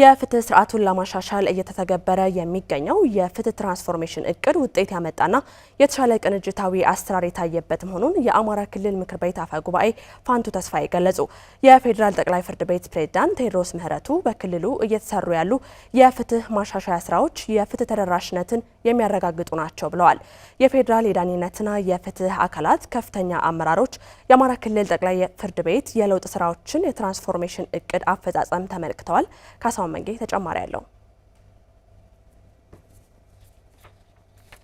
የፍትህ ስርዓቱን ለማሻሻል እየተተገበረ የሚገኘው የፍትህ ትራንስፎርሜሽን እቅድ ውጤት ያመጣና የተሻለ ቅንጅታዊ አሰራር የታየበት መሆኑን የአማራ ክልል ምክር ቤት አፈ ጉባኤ ፋንቱ ተስፋዬ ገለጹ። የፌዴራል ጠቅላይ ፍርድ ቤት ፕሬዝዳንት ቴዎድሮስ ምህረቱ በክልሉ እየተሰሩ ያሉ የፍትህ ማሻሻያ ስራዎች የፍትህ ተደራሽነትን የሚያረጋግጡ ናቸው ብለዋል። የፌዴራል የዳኝነትና የፍትህ አካላት ከፍተኛ አመራሮች የአማራ ክልል ጠቅላይ ፍርድ ቤት የለውጥ ስራዎችን የትራንስፎርሜሽን እቅድ አፈጻጸም ተመልክተዋል። ካሳሁን መንጌ ተጨማሪ አለው።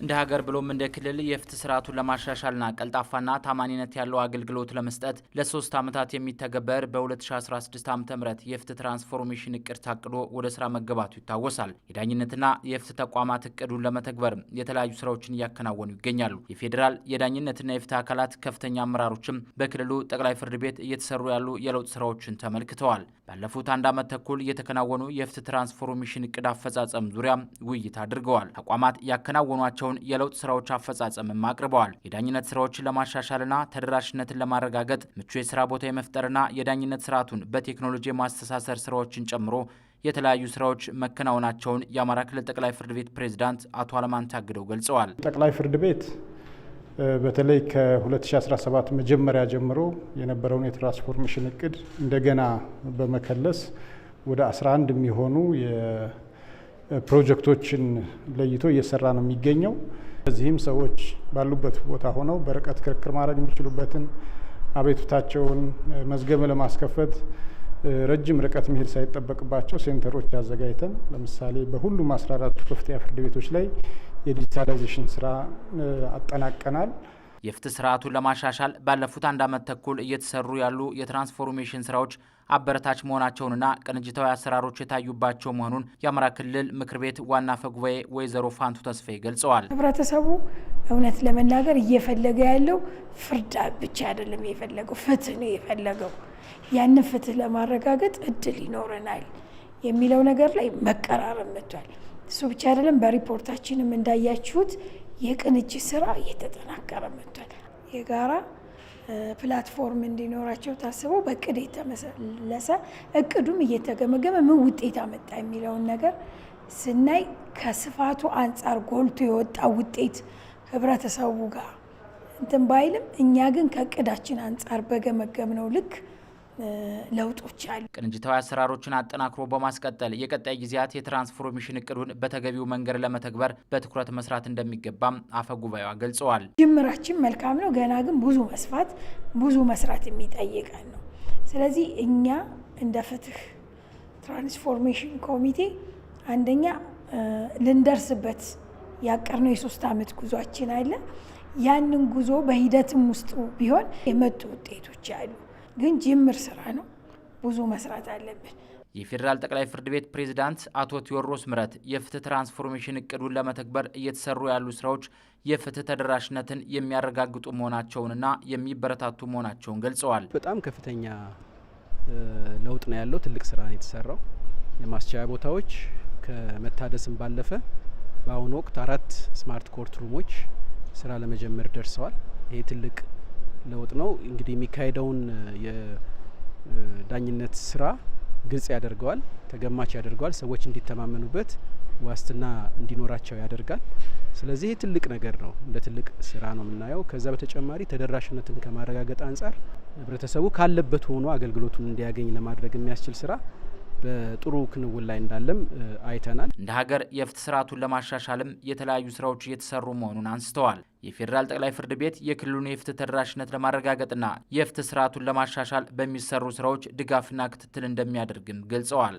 እንደ ሀገር ብሎም እንደ ክልል የፍትህ ስርዓቱን ለማሻሻልና ቀልጣፋና ታማኒነት ያለው አገልግሎት ለመስጠት ለሶስት ዓመታት የሚተገበር በ2016 ዓ ም የፍትህ ትራንስፎርሜሽን እቅድ ታቅዶ ወደ ስራ መገባቱ ይታወሳል። የዳኝነትና የፍትህ ተቋማት እቅዱን ለመተግበርም የተለያዩ ስራዎችን እያከናወኑ ይገኛሉ። የፌዴራል የዳኝነትና የፍትህ አካላት ከፍተኛ አመራሮችም በክልሉ ጠቅላይ ፍርድ ቤት እየተሰሩ ያሉ የለውጥ ስራዎችን ተመልክተዋል። ባለፉት አንድ ዓመት ተኩል የተከናወኑ የፍትህ ትራንስፎርሜሽን እቅድ አፈጻጸም ዙሪያ ውይይት አድርገዋል። ተቋማት ያከናወኗቸው የሚያደርጋቸውን የለውጥ ስራዎች አፈጻጸምም አቅርበዋል። የዳኝነት ስራዎችን ለማሻሻልና ተደራሽነትን ለማረጋገጥ ምቹ የስራ ቦታ የመፍጠርና የዳኝነት ስርዓቱን በቴክኖሎጂ የማስተሳሰር ስራዎችን ጨምሮ የተለያዩ ስራዎች መከናወናቸውን የአማራ ክልል ጠቅላይ ፍርድ ቤት ፕሬዝዳንት አቶ አለማን ታግደው ገልጸዋል። ጠቅላይ ፍርድ ቤት በተለይ ከ2017 መጀመሪያ ጀምሮ የነበረውን የትራንስፎርሜሽን እቅድ እንደገና በመከለስ ወደ 11 የሚሆኑ ፕሮጀክቶችን ለይቶ እየሰራ ነው የሚገኘው። በዚህም ሰዎች ባሉበት ቦታ ሆነው በርቀት ክርክር ማድረግ የሚችሉበትን አቤቱታቸውን መዝገብ ለማስከፈት ረጅም ርቀት መሄድ ሳይጠበቅባቸው ሴንተሮች አዘጋጅተን ለምሳሌ በሁሉም አስራ አራቱ ከፍተኛ ፍርድ ቤቶች ላይ የዲጂታላይዜሽን ስራ አጠናቀናል። የፍትህ ስርዓቱን ለማሻሻል ባለፉት አንድ ዓመት ተኩል እየተሰሩ ያሉ የትራንስፎርሜሽን ስራዎች አበረታች መሆናቸውንና ቅንጅታዊ አሰራሮች የታዩባቸው መሆኑን የአማራ ክልል ምክር ቤት ዋና አፈ ጉባኤ ወይዘሮ ፋንቱ ተስፋዬ ገልጸዋል። ህብረተሰቡ እውነት ለመናገር እየፈለገ ያለው ፍርድ ብቻ አይደለም የፈለገው ፍትህ ነው የፈለገው። ያንን ፍትህ ለማረጋገጥ እድል ይኖረናል የሚለው ነገር ላይ መቀራረብ መጥቷል። እሱ ብቻ አይደለም፣ በሪፖርታችንም እንዳያችሁት የቅንጅት ስራ እየተጠናከረ መጥቷል። የጋራ ፕላትፎርም እንዲኖራቸው ታስቦ በእቅድ የተመለሰ እቅዱም እየተገመገመ ምን ውጤት አመጣ የሚለውን ነገር ስናይ ከስፋቱ አንጻር ጎልቶ የወጣ ውጤት ህብረተሰቡ ጋር እንትን ባይልም እኛ ግን ከእቅዳችን አንጻር ነው ልክ ለውጦች አሉ። ቅንጅታዊ አሰራሮችን አጠናክሮ በማስቀጠል የቀጣይ ጊዜያት የትራንስፎርሜሽን እቅዱን በተገቢው መንገድ ለመተግበር በትኩረት መስራት እንደሚገባም አፈ ጉባኤዋ ገልጸዋል። ጅምራችን መልካም ነው፣ ገና ግን ብዙ መስፋት ብዙ መስራት የሚጠይቀን ነው። ስለዚህ እኛ እንደ ፍትህ ትራንስፎርሜሽን ኮሚቴ አንደኛ ልንደርስበት ያቀርነው የሶስት አመት ጉዟችን አለ። ያንን ጉዞ በሂደትም ውስጡ ቢሆን የመጡ ውጤቶች አሉ። ግን ጅምር ስራ ነው፣ ብዙ መስራት አለብን። የፌዴራል ጠቅላይ ፍርድ ቤት ፕሬዝዳንት አቶ ቴዎድሮስ ምረት የፍትህ ትራንስፎርሜሽን እቅዱን ለመተግበር እየተሰሩ ያሉ ስራዎች የፍትህ ተደራሽነትን የሚያረጋግጡ መሆናቸውንና የሚበረታቱ መሆናቸውን ገልጸዋል። በጣም ከፍተኛ ለውጥ ነው ያለው። ትልቅ ስራ ነው የተሰራው። የማስቻያ ቦታዎች ከመታደስም ባለፈ በአሁኑ ወቅት አራት ስማርት ኮርት ሩሞች ስራ ለመጀመር ደርሰዋል። ይህ ትልቅ ለውጥ ነው። እንግዲህ የሚካሄደውን የዳኝነት ስራ ግልጽ ያደርገዋል፣ ተገማች ያደርገዋል፣ ሰዎች እንዲተማመኑበት ዋስትና እንዲኖራቸው ያደርጋል። ስለዚህ ይህ ትልቅ ነገር ነው፣ እንደ ትልቅ ስራ ነው የምናየው። ከዛ በተጨማሪ ተደራሽነትን ከማረጋገጥ አንጻር ህብረተሰቡ ካለበት ሆኖ አገልግሎቱን እንዲያገኝ ለማድረግ የሚያስችል ስራ በጥሩ ክንውን ላይ እንዳለም አይተናል። እንደ ሀገር የፍትህ ስርዓቱን ለማሻሻልም የተለያዩ ስራዎች እየተሰሩ መሆኑን አንስተዋል። የፌዴራል ጠቅላይ ፍርድ ቤት የክልሉን የፍትህ ተደራሽነት ለማረጋገጥና የፍትህ ስርዓቱን ለማሻሻል በሚሰሩ ስራዎች ድጋፍና ክትትል እንደሚያደርግም ገልጸዋል።